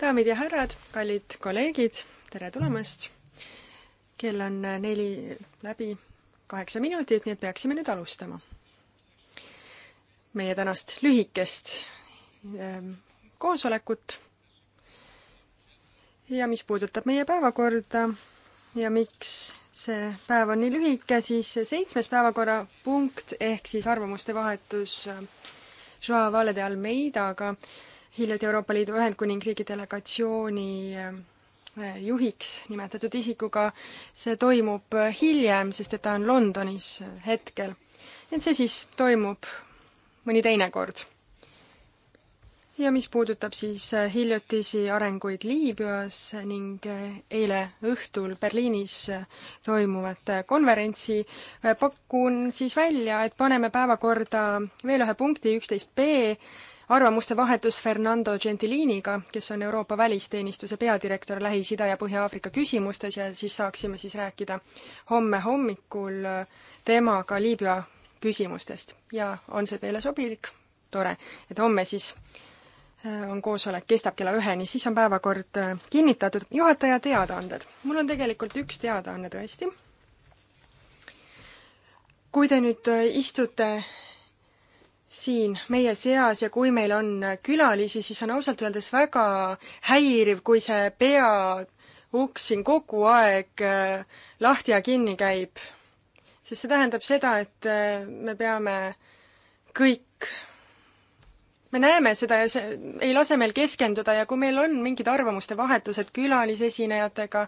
daamid ja härrad, kallid kolleegid, tere tulemast! kell on neli läbi kaheksa minutit, nii et peaksime nüüd alustama. meie tänast lühikest ähm, koosolekut ja mis puudutab meie päevakorda ja miks see päev on nii lühike, siis seitsmes päevakorrapunkt ehk siis arvamuste vahetus Joao Valede Almeidaga äh, hiljuti Euroopa Liidu Ühendkuningriigi delegatsiooni eh, juhiks nimetatud isikuga. see toimub eh, hiljem, sest et ta on Londonis eh, hetkel. et see siis toimub mõni teine kord. ja mis puudutab siis hiljutisi arenguid Liibüas ning eile õhtul Berliinis toimuvat konverentsi, pakun siis välja, et paneme päevakorda veel ühe punkti, üksteist B, arvamuste vahetus Fernando Gentiliniga, kes on Euroopa Välisteenistuse peadirektor Lähis-Ida ja Põhja-Aafrika küsimustes ja siis saaksime siis rääkida homme hommikul temaga Liibüa küsimustest ja on see teile sobilik? tore, et homme siis äh, on koosolek, kestab kella üheni, siis on päevakord äh, kinnitatud. juhataja teadaanded. mul on tegelikult üks teadaanne tõesti. kui te nüüd äh, istute siin meie seas ja kui meil on külalisi, siis on ausalt öeldes väga häiriv, kui see peauks siin kogu aeg äh, lahti ja kinni käib. sest see tähendab seda, et äh, me peame kõik, me näeme seda ja see ei lase meil keskenduda ja kui meil on mingid arvamuste vahetused külalisesinejatega,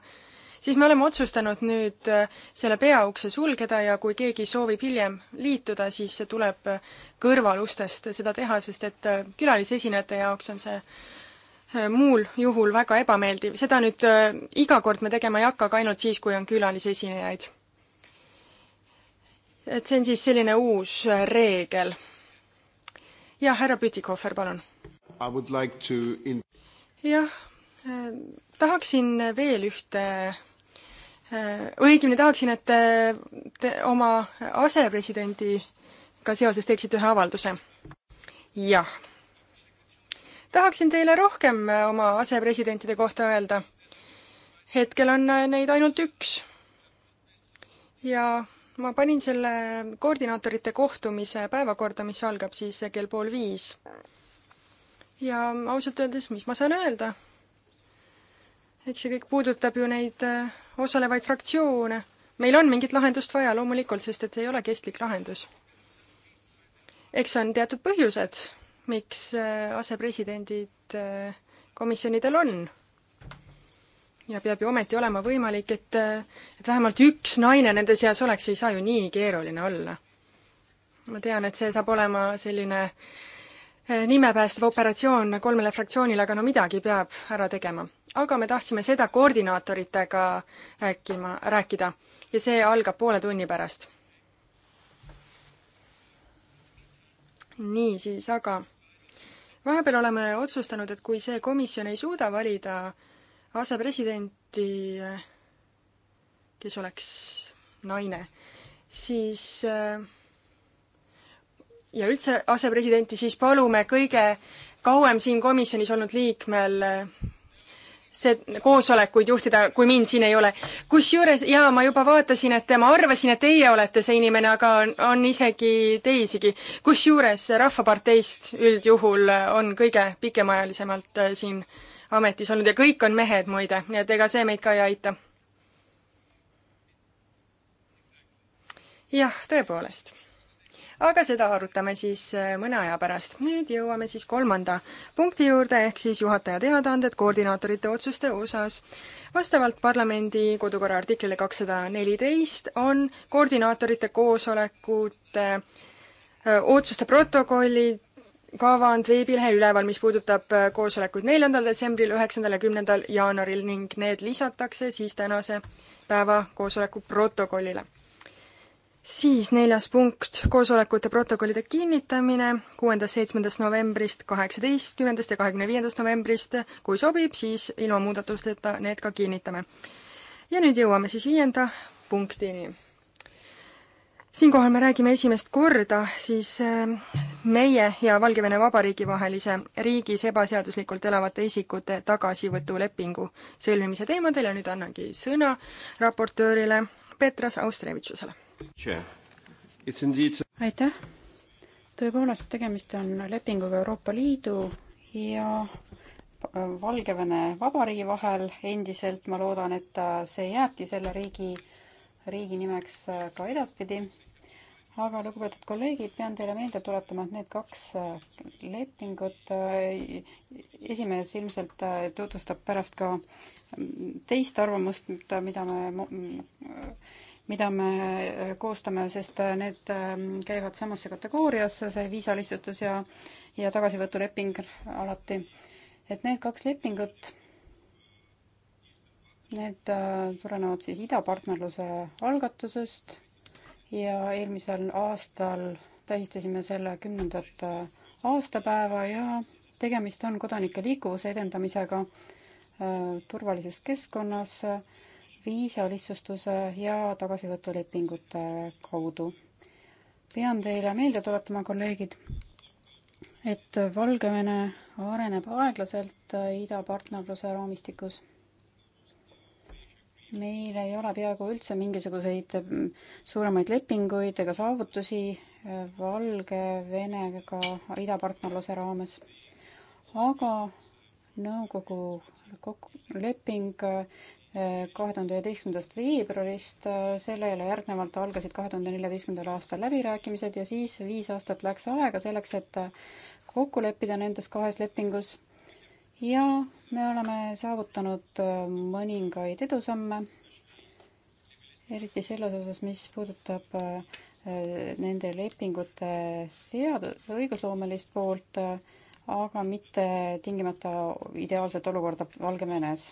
siis me oleme otsustanud nüüd äh, selle peaukse sulgeda ja kui keegi soovib hiljem liituda, siis tuleb äh, kõrvalustest seda teha, sest et äh, külalisesinejate jaoks on see muul juhul väga ebameeldiv, seda nüüd iga kord me tegema ei hakka, aga ainult siis, kui on külalisesinejaid. et see on siis selline uus reegel. jah, härra Pütikohver, palun. jah tahaksin veel ühte Äh, õigemini tahaksin, et te, te oma asepresidendiga seoses teeksite ühe avalduse. jah. tahaksin teile rohkem äh, oma asepresidentide kohta öelda. hetkel on äh, neid ainult üks. ja ma panin selle koordinaatorite kohtumise päevakorda, mis algab siis kell pool viis. ja ausalt öeldes, mis ma saan öelda eks see kõik puudutab ju neid äh, osalevaid fraktsioone. meil on mingit lahendust vaja loomulikult, sest et see ei ole kestlik lahendus. eks on teatud põhjused, miks äh, asepresidendid äh, komisjonidel on. ja peab ju ometi olema võimalik, et, et vähemalt üks naine nende seas oleks, ei saa ju nii keeruline olla. ma tean, et see saab olema selline äh, Eh, nimepäästev operatsioon kolmele fraktsioonile, aga no midagi peab ära tegema. aga me tahtsime seda koordinaatoritega rääkima, rääkida ja see algab poole tunni pärast. niisiis, aga vahepeal oleme otsustanud, et kui see komisjon ei suuda valida asepresidenti, eh, kes oleks naine, siis äh, ja üldse asepresidenti, siis palume kõige kauem siin komisjonis olnud liikmel eh, see koosolekuid juhtida, kui mind siin ei ole. kusjuures jaa, ma juba vaatasin, et ma arvasin, et teie olete see inimene, aga on, on isegi teisigi. kusjuures Rahvaparteist üldjuhul on kõige pikemaajalisemalt eh, siin ametis olnud ja kõik on mehed muide, nii et ega see meid ka ei aita. jah, tõepoolest aga seda arutame siis äh, mõne aja pärast. nüüd jõuame siis kolmanda punkti juurde, ehk siis juhataja teadaanded koordinaatorite otsuste osas. vastavalt parlamendi kodukorra artiklile kakssada neliteist on koordinaatorite koosolekute äh, otsuste protokollid kavand veebilehel üleval, mis puudutab äh, koosolekuid neljandal detsembril, üheksandal ja kümnendal jaanuaril ning need lisatakse siis tänase päeva koosoleku protokollile siis neljas punkt, koosolekute protokollide kinnitamine kuuendast, seitsmendast novembrist, kaheksateistkümnendast ja kahekümne viiendast novembrist. kui sobib, siis ilma muudatusteta need ka kinnitame. ja nüüd jõuame siis viienda punktini. siinkohal me räägime esimest korda siis äh, meie ja Valgevene Vabariigi vahelise riigis ebaseaduslikult elavate isikute tagasivõtulepingu sõlmimise teemadel ja nüüd annangi sõna raportöörile Petras Austrevitšusele aitäh. tõepoolest, tegemist on lepinguga Euroopa Liidu ja äh, Valgevene Vabariigi vahel endiselt. ma loodan, et see jääbki selle riigi, riigi nimeks äh, ka edaspidi. aga lugupeetud kolleegid, pean teile meelde tuletama, et need kaks äh, lepingut, esimees ilmselt tutvustab pärast ka mm, teist arvamust, mida me mm, mida me äh, koostame, sest äh, need ähm, käivad samasse kategooriasse, see viisalistutus ja, ja tagasivõtuleping alati. et need kaks lepingut, need äh, tulenevad siis idapartnerluse algatusest ja eelmisel aastal tähistasime selle kümnendat aastapäeva ja tegemist on kodanike liikuvuse edendamisega turvalises keskkonnas äh, viisalihtsustuse ja tagasivõtulepingute kaudu. pean teile meelde tuletama, kolleegid, et Valgevene areneb aeglaselt idapartnerluse raamistikus. meil ei ole peaaegu üldse mingisuguseid suuremaid lepinguid ega saavutusi Valgevenega idapartnerluse raames, aga nõukogu leping kahe tuhande üheteistkümnendast veebruarist, äh, sellele järgnevalt algasid kahe tuhande neljateistkümnendal aastal läbirääkimised ja siis viis aastat läks aega selleks, et äh, kokku leppida nendes kahes lepingus ja me oleme saavutanud äh, mõningaid edusamme, eriti selles osas, mis puudutab nende lepingute seadu-, õigusloomelist poolt, aga mitte tingimata ideaalset olukorda Valgevenes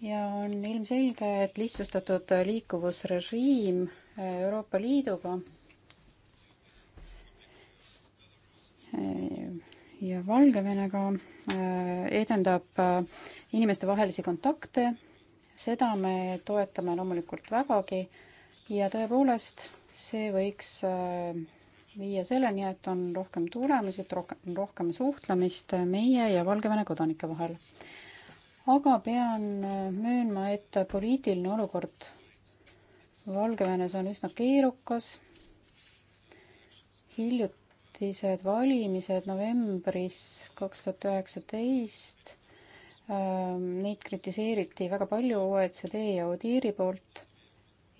ja on ilmselge, et lihtsustatud liikuvusrežiim Euroopa Liiduga eh, ja Valgevenega eh, edendab eh, inimestevahelisi kontakte, seda me toetame loomulikult vägagi ja tõepoolest, see võiks viia selleni, et on rohkem tulemusi, et rohkem, rohkem suhtlemist meie ja Valgevene kodanike vahel aga pean äh, möönma, et poliitiline olukord Valgevenes on üsna keerukas. hiljutised valimised novembris kaks tuhat üheksateist, ähm, neid kritiseeriti väga palju OECD ja Odiiri poolt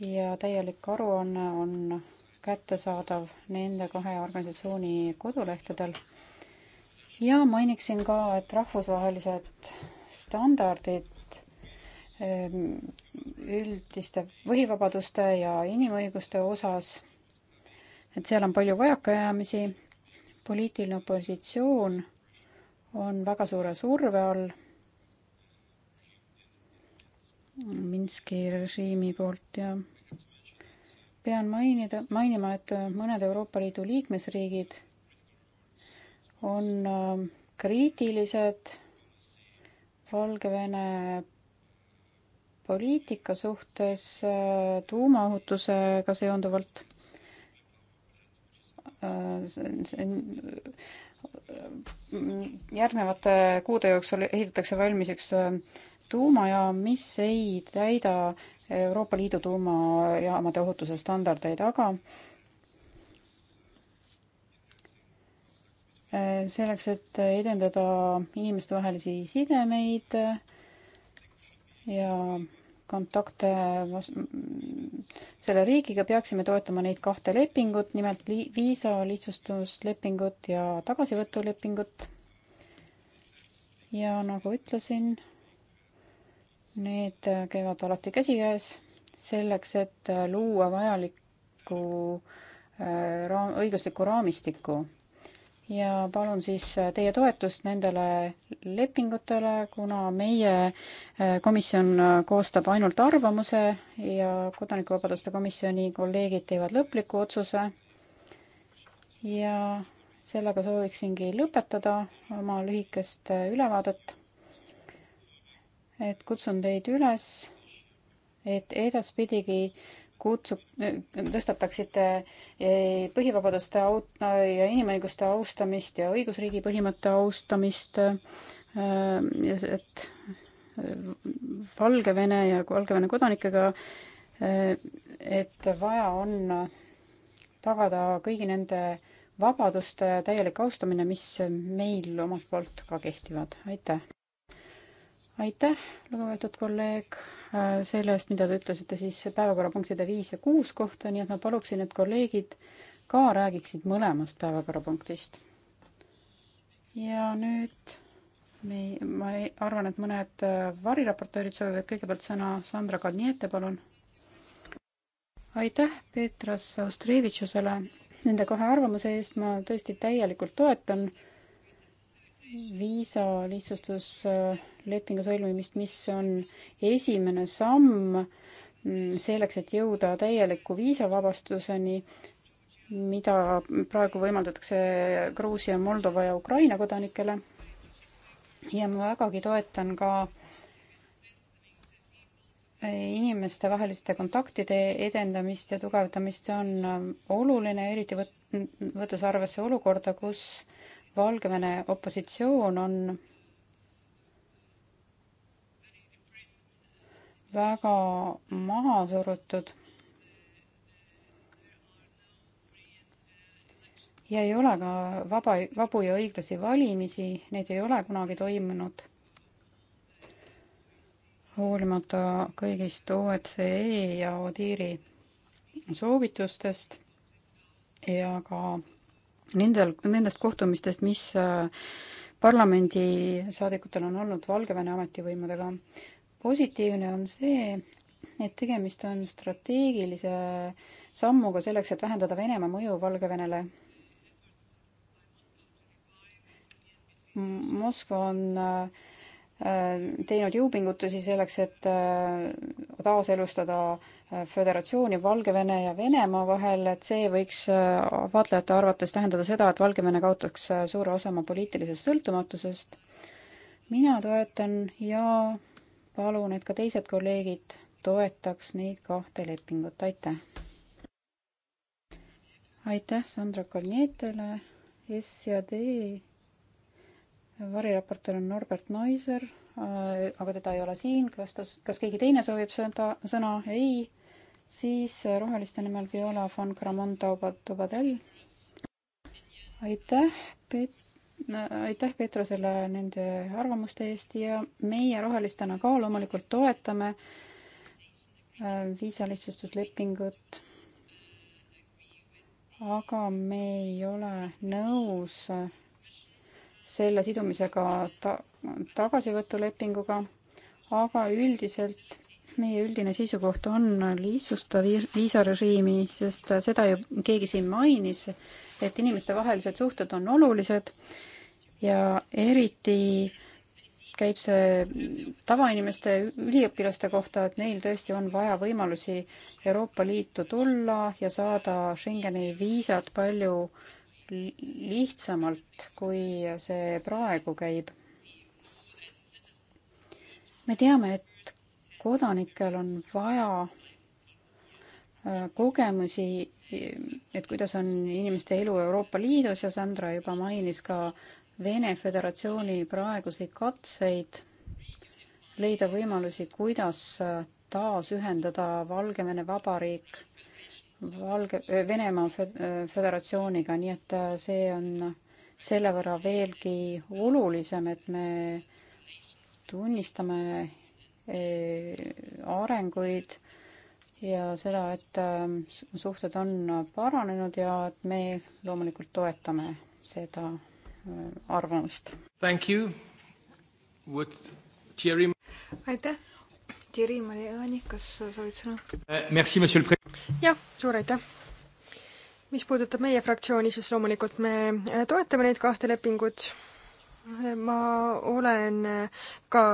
ja täielik aruanne on, on kättesaadav nende kahe organisatsiooni kodulehtedel. ja mainiksin ka, et rahvusvahelised standardid ehm, üldiste põhivabaduste ja inimõiguste osas, et seal on palju vajakajäämisi, poliitiline opositsioon on väga suure surve all Minski režiimi poolt ja pean mainida, mainima, et mõned Euroopa Liidu liikmesriigid on ehm, kriitilised Valgevene poliitika suhtes äh, tuumaohutusega seonduvalt äh, äh, järgnevate kuude jooksul ehitatakse valmis üks tuumajaam, mis ei täida Euroopa Liidu tuumajaamade ohutuse standardeid, aga selleks, et edendada inimestevahelisi sidemeid ja kontakte selle riigiga, peaksime toetama neid kahte lepingut, nimelt viisa lihtsustuslepingut ja tagasivõtulepingut. ja nagu ütlesin, need käivad alati käsikäes selleks, et luua vajalikku äh, raam, õiguslikku raamistikku ja palun siis äh, teie toetust nendele lepingutele, kuna meie äh, komisjon äh, koostab ainult arvamuse ja Kodanikuvabaduste komisjoni kolleegid teevad lõpliku otsuse. ja sellega sooviksingi lõpetada oma lühikest ülevaadet. et kutsun teid üles, et edaspidigi äh, kutsu-, tõstataksite põhivabaduste aut- ja inimõiguste austamist ja õigusriigi põhimõtte austamist, et Valgevene ja Valgevene kodanikega, et vaja on tagada kõigi nende vabaduste täielik austamine, mis meil omalt poolt ka kehtivad. aitäh! aitäh, lugupeetud kolleeg, äh, selle eest, mida te ütlesite siis päevakorrapunktide viis ja kuus kohta, nii et ma paluksin, et kolleegid ka räägiksid mõlemast päevakorrapunktist. ja nüüd me, ma ei, arvan, et mõned äh, variraportöörid soovivad kõigepealt sõna, Sandra Kalniete, palun. aitäh Petras Austrevitšusele nende kahe arvamuse eest, ma tõesti täielikult toetan äh, viisalihtsustuslepingu sõlmimist, mis on esimene samm mm, selleks, et jõuda täieliku viisavabastuseni, mida praegu võimaldatakse Gruusia, Moldova ja Ukraina kodanikele. ja ma vägagi toetan ka äh, inimestevaheliste kontaktide edendamist ja tugevdamist, see on äh, oluline, eriti võt-, võttes arvesse olukorda, kus Valgevene opositsioon on väga maha surutud. ja ei ole ka vaba, vabu ja õiglasi valimisi, neid ei ole kunagi toimunud. hoolimata kõigist OECE e ja ODIHR-i soovitustest ja ka nendel, nendest kohtumistest, mis äh, parlamendisaadikutel on olnud Valgevene ametivõimudega. positiivne on see, et tegemist on strateegilise sammuga selleks, et vähendada Venemaa mõju Valgevenele. Moskva on äh, Äh, teinud jõupingutusi selleks, et äh, taaselustada äh, föderatsiooni Valgevene ja Venemaa vahel, et see võiks vaatlejate arvates tähendada seda, et Valgevene kaotaks suure osa oma poliitilisest sõltumatusest. mina toetan ja palun, et ka teised kolleegid toetaks neid kahte lepingut, aitäh! aitäh Sandra Kalnietele, S ja D variraportöör on Norbert Naiser, äh, aga teda ei ole siin, kas ta, kas keegi teine soovib seda sõna? ei. siis äh, roheliste nimel Viola von Cramon Taubadel. aitäh, Pet-, äh, aitäh Petrosele nende arvamuste eest ja meie rohelistena ka loomulikult toetame viisalihtsustuslepingut aga me ei ole nõus selle sidumisega ta-, tagasivõtulepinguga, aga üldiselt meie üldine seisukoht on lihtsustav viisarežiimi, sest seda ju keegi siin mainis, et inimestevahelised suhted on olulised ja eriti käib see tavainimeste, üliõpilaste kohta, et neil tõesti on vaja võimalusi Euroopa Liitu tulla ja saada Schengeni viisat palju äh, lihtsamalt, kui see praegu käib. me teame, et kodanikel on vaja äh, kogemusi, et kuidas on inimeste elu Euroopa Liidus ja Sandra juba mainis ka Vene Föderatsiooni praeguseid katseid leida võimalusi, kuidas äh, taasühendada Valgevene Vabariik Valge, Venemaa Föderatsiooniga, nii et äh, see on selle võrra veelgi olulisem, et me tunnistame äh, arenguid ja seda, et ähm, suhted on paranenud ja et me loomulikult toetame seda äh, arvamust. aitäh Thierry Maliani, kas sa soovid sõna? Eh, jah, suur aitäh! mis puudutab meie fraktsiooni, siis loomulikult me eh, toetame neid kahte lepingut. Eh, ma olen ka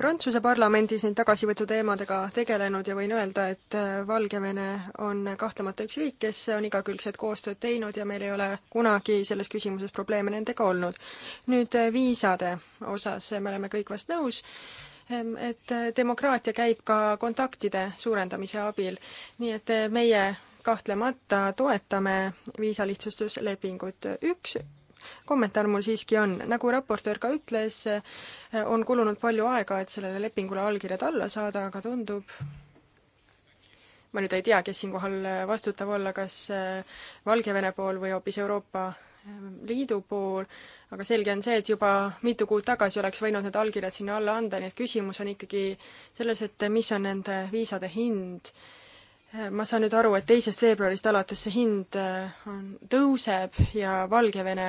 Prantsuse parlamendis neid tagasivõtu teemadega tegelenud ja võin öelda, et Valgevene on kahtlemata üks riik, kes on igakülgset koostööd teinud ja meil ei ole kunagi selles küsimuses probleeme nendega olnud. nüüd viisade osas me oleme kõik vast nõus et äh, demokraatia käib ka kontaktide suurendamise abil, nii et äh, meie kahtlemata toetame viisalihtsustuslepingut. üks kommentaar mul siiski on, nagu raportöör ka ütles, äh, on kulunud palju aega, et sellele lepingule allkirjad alla saada, aga tundub, ma nüüd ei tea, kes siinkohal vastutav olla, kas Valgevene pool või hoopis Euroopa Ehm, liidu pool, aga selge on see, et juba mitu kuud tagasi oleks võinud need allkirjad sinna alla anda, nii et küsimus on ikkagi selles, et mis on nende viisade hind. Ehm, ma saan nüüd aru, et teisest veebruarist alates see hind eh, on, tõuseb ja Valgevene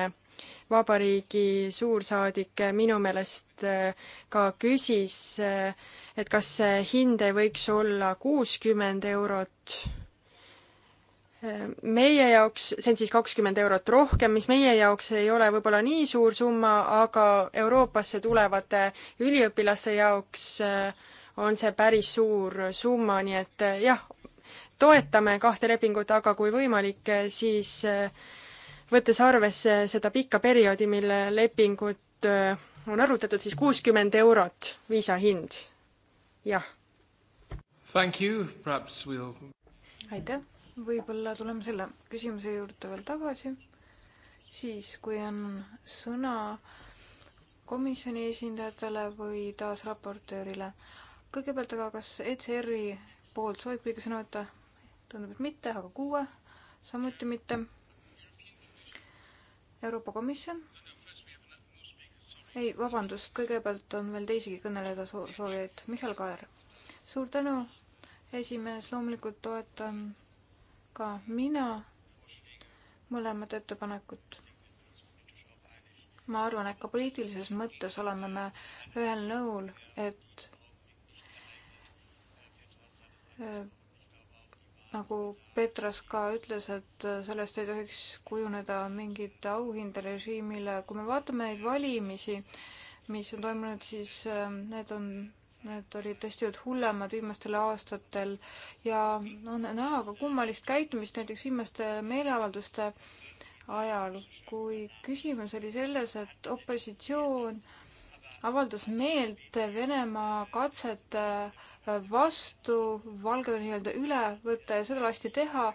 vabariigi suursaadik eh, minu meelest eh, ka küsis, et kas see hind ei võiks olla kuuskümmend eurot meie jaoks, see on siis kakskümmend eurot rohkem, mis meie jaoks ei ole võib-olla nii suur summa, aga Euroopasse tulevate üliõpilaste jaoks äh, on see päris suur summa, nii et äh, jah, toetame kahte lepingut, aga kui võimalik, äh, siis võttes arvesse seda pikka perioodi, mille lepingut on arutatud, siis kuuskümmend eurot viisa hind, jah. We'll... aitäh võib-olla tuleme selle küsimuse juurde veel tagasi, siis kui on sõna komisjoni esindajatele või taasraportöörile. kõigepealt aga, kas ECR-i poolt soovib keegi sõna võtta? tundub, et mitte, aga kuue samuti mitte. Euroopa Komisjon? ei, vabandust, kõigepealt on veel teisigi kõneleda soovijaid. Mihhail Kaer. suur tänu, esimees, loomulikult toetan ka mina mõlemat ettepanekut. ma arvan, et ka poliitilises mõttes oleme me ühel nõul, et äh, nagu Petras ka ütles, et sellest ei tohiks kujuneda mingit auhinda režiimile. kui me vaatame neid valimisi, mis on toimunud, siis äh, need on Need olid tõesti olnud hullemad viimastel aastatel ja on näha ka kummalist käitumist näiteks viimaste meeleavalduste ajal, kui küsimus oli selles, et opositsioon avaldas meelt Venemaa katsete vastu Valgevene nii-öelda üle võtta ja seda lasti teha,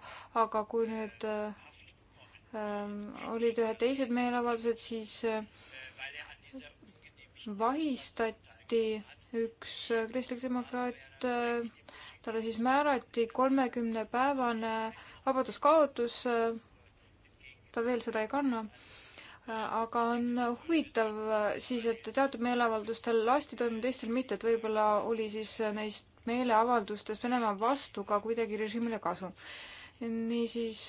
aga kui nüüd ähm, olid ühed teised meeleavaldused, siis äh, vahistati üks kristlik demokraat, talle siis määrati kolmekümnepäevane vabaduskaotus. ta veel seda ei kanna. aga on huvitav siis, et teatud meeleavaldustel lasti toime, teistel mitte, et võib-olla oli siis neist meeleavaldustest Venemaa vastu ka kuidagi režiimile kasu niisiis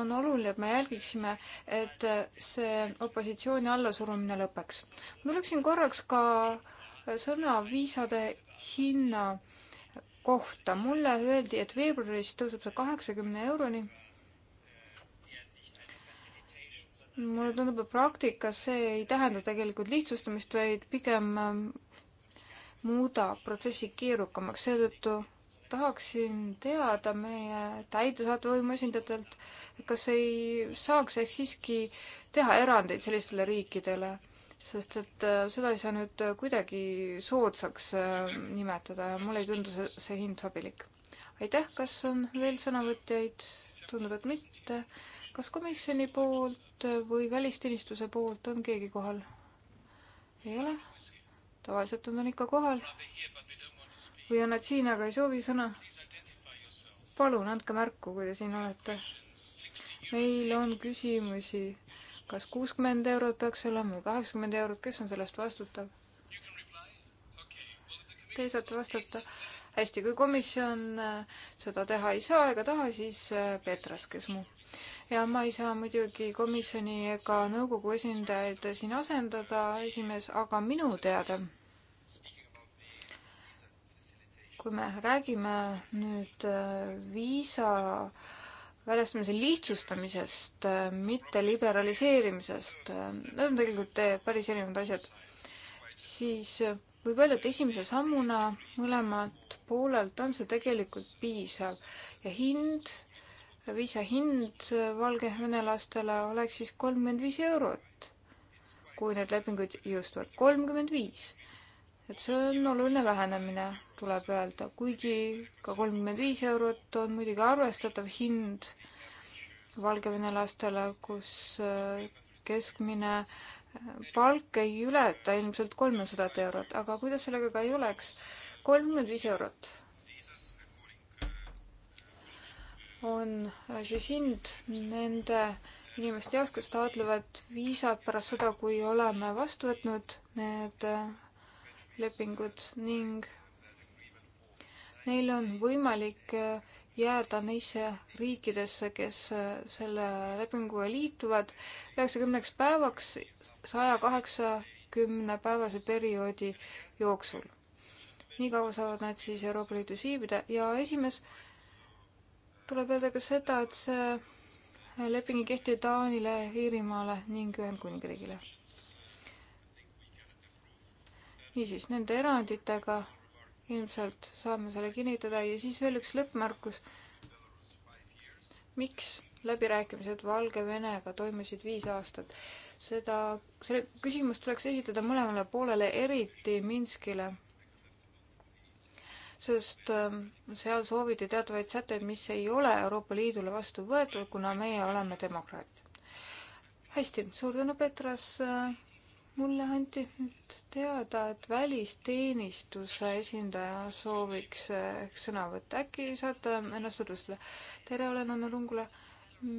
on oluline, et me jälgiksime, et see opositsiooni allasurumine lõpeks. ma tuleksin korraks ka äh, sõna viisade hinna kohta. mulle öeldi, et veebruaris tõuseb see kaheksakümne euroni. mulle tundub, et praktikas see ei tähenda tegelikult lihtsustamist, vaid pigem ähm, muudab protsessi keerukamaks, seetõttu tahaksin teada meie täidesaatva võimu esindajatelt, kas ei saaks ehk siiski teha erandeid sellistele riikidele sest et äh, seda ei saa nüüd äh, kuidagi soodsaks äh, nimetada ja mulle ei tundu see, see hind sobilik. aitäh, kas on veel sõnavõtjaid? tundub, et mitte. kas komisjoni poolt või välisteenistuse poolt on keegi kohal? ei ole? tavaliselt on ta ikka kohal. või on nad siin, aga ei soovi sõna? palun andke märku, kui te siin olete. meil on küsimusi kas kuuskümmend eurot peaks olema või kaheksakümmend eurot, kes on sellest vastutav? Te saate vastata. hästi, kui komisjon äh, seda teha ei saa ega taha, siis äh, Petras, kes muu. ja ma ei saa muidugi komisjoni ega nõukogu esindajaid siin asendada, esimees, aga minu teada kui me räägime nüüd äh, viisa äh, väljastamise lihtsustamisest, äh, mitte liberaliseerimisest. Äh, need on tegelikult äh, päris erinevad asjad. siis võib öelda, et esimese sammuna mõlemalt poolelt on see tegelikult piisav ja hind, viisa hind valgevenelastele oleks siis kolmkümmend viis eurot, kui need lepingud jõustuvad, kolmkümmend viis. et see on oluline vähenemine tuleb öelda, kuigi ka kolmkümmend viis eurot on muidugi arvestatav hind Valgevene lastele, kus äh, keskmine äh, palk ei ületa ilmselt kolmesadat eurot, aga kuidas sellega ka ei oleks, kolmkümmend viis eurot on äh, siis hind nende inimeste jaoks, kes taotlevad viisat pärast seda, kui oleme vastu võtnud need lepingud ning neil on võimalik äh, jääda neisse riikidesse, kes äh, selle lepinguga liituvad üheksakümneks päevaks saja kaheksakümne päevase perioodi jooksul. nii kaua saavad nad siis Euroopa Liidus viibida ja esimees, tuleb öelda ka seda, et see leping ei kehti Taanile, Iirimaale ning Ühendkuningriigile. niisiis, nende eranditega ilmselt saame selle kinnitada ja siis veel üks lõppmärkus. miks läbirääkimised Valgevenega toimusid viis aastat? seda, selle küsimust tuleks esitada mõlemale poolele, eriti Minskile. sest ähm, seal sooviti teatavaid sätteid, mis ei ole Euroopa Liidule vastu võetud, kuna meie oleme demokraat. hästi, suur tänu, Petras äh, mulle anti nüüd teada, et välisteenistuse esindaja sooviks eh, sõna võtta. äkki saate ennast tutvustada? tere, olen Anna Lungula.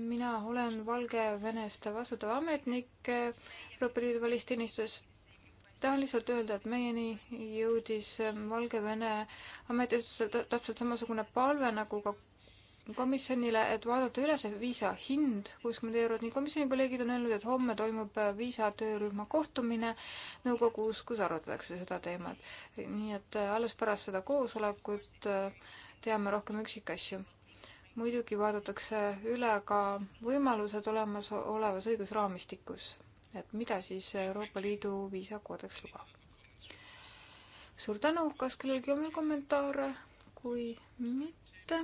mina olen Valgevenest vastutav ametnik eh, Euroopa Liidu välisteenistuses. tahan lihtsalt öelda, et meieni jõudis Valgevene ametiasutusel täpselt samasugune palve nagu ka komisjonile, et vaadata üle see viisa hind, kuuskümmend eurot, nii komisjoni kolleegid on öelnud, et homme toimub äh, viisa töörühma kohtumine nõukogus, kus arutatakse seda teemat. nii et äh, alles pärast seda koosolekut äh, teame rohkem üksikasju. muidugi vaadatakse üle ka võimalused olemasolevas õigusraamistikus, et mida siis Euroopa Liidu viisakoodeks lubab. suur tänu, kas kellelgi on veel kommentaare? kui mitte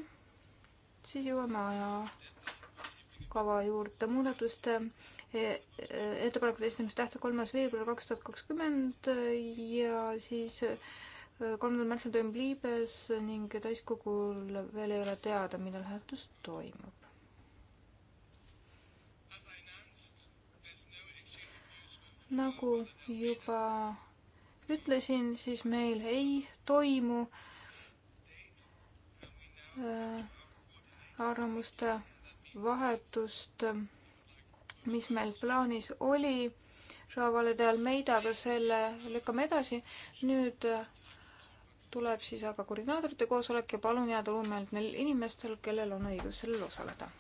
siis jõuame ajakava juurde muudatuste e, e, ettepanekute esinemise tähtaeg kolmas veebruar kaks tuhat kakskümmend ja siis e, kolmandal märtsil toimub Liibes ning täiskogul veel ei ole teada, millal hääletus toimub. nagu juba ütlesin, siis meil ei toimu äh, arvamuste vahetust, mis meil plaanis oli Raavale Almeida, aga selle lükkame edasi. nüüd tuleb siis aga koordinaatorite koosolek ja palun jääda ulmelt neil inimestel, kellel on õigus sellel osaleda